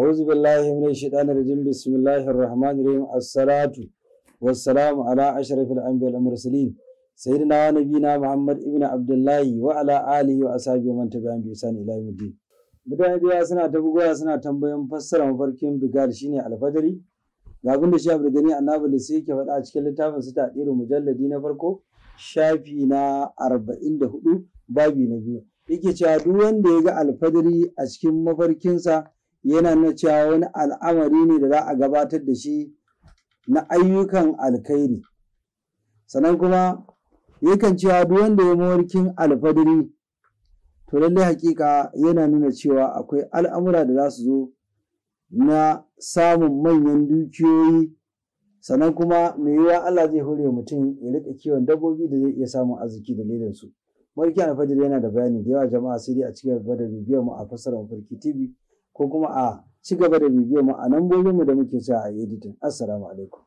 أعوذ بالله من الشيطان الرجيم بسم الله الرحمن الرحيم الصلاة والسلام على أشرف الأنبياء والمرسلين سيدنا ونبينا محمد ابن عبد الله وعلى آله وأصحابه من تبعهم بإحسان إلى يوم الدين mutane da yawa suna ta bugowa suna tambayan fassara mafarkin bigal shine alfajari ga abin da shafi gani annabi da sai yake faɗa a cikin littafin su ta irin mujalladi na farko shafi na arba'in da hudu babi na biyu yake cewa duk wanda ya ga alfajari a cikin mafarkinsa yana nuna cewa wani al'amari ne da za a gabatar da shi na ayyukan alkhairi sannan kuma yakan cewa duk wanda ya mawarkin alfadari to lallai hakika yana nuna cewa akwai al'amura da za su zo na samun manyan dukiyoyi sannan kuma mai yiwuwa Allah zai hore mutum ya rika kiwon dabbobi da zai iya samun arziki dalilin su mawarkin alfadiri yana da bayani da yawa jama'a sai dai a cikin alfadari biyar mu a fassara mafarki tv ko kuma a ci gaba da bibiyo mu a mu da muke sa a editing assalamu alaikum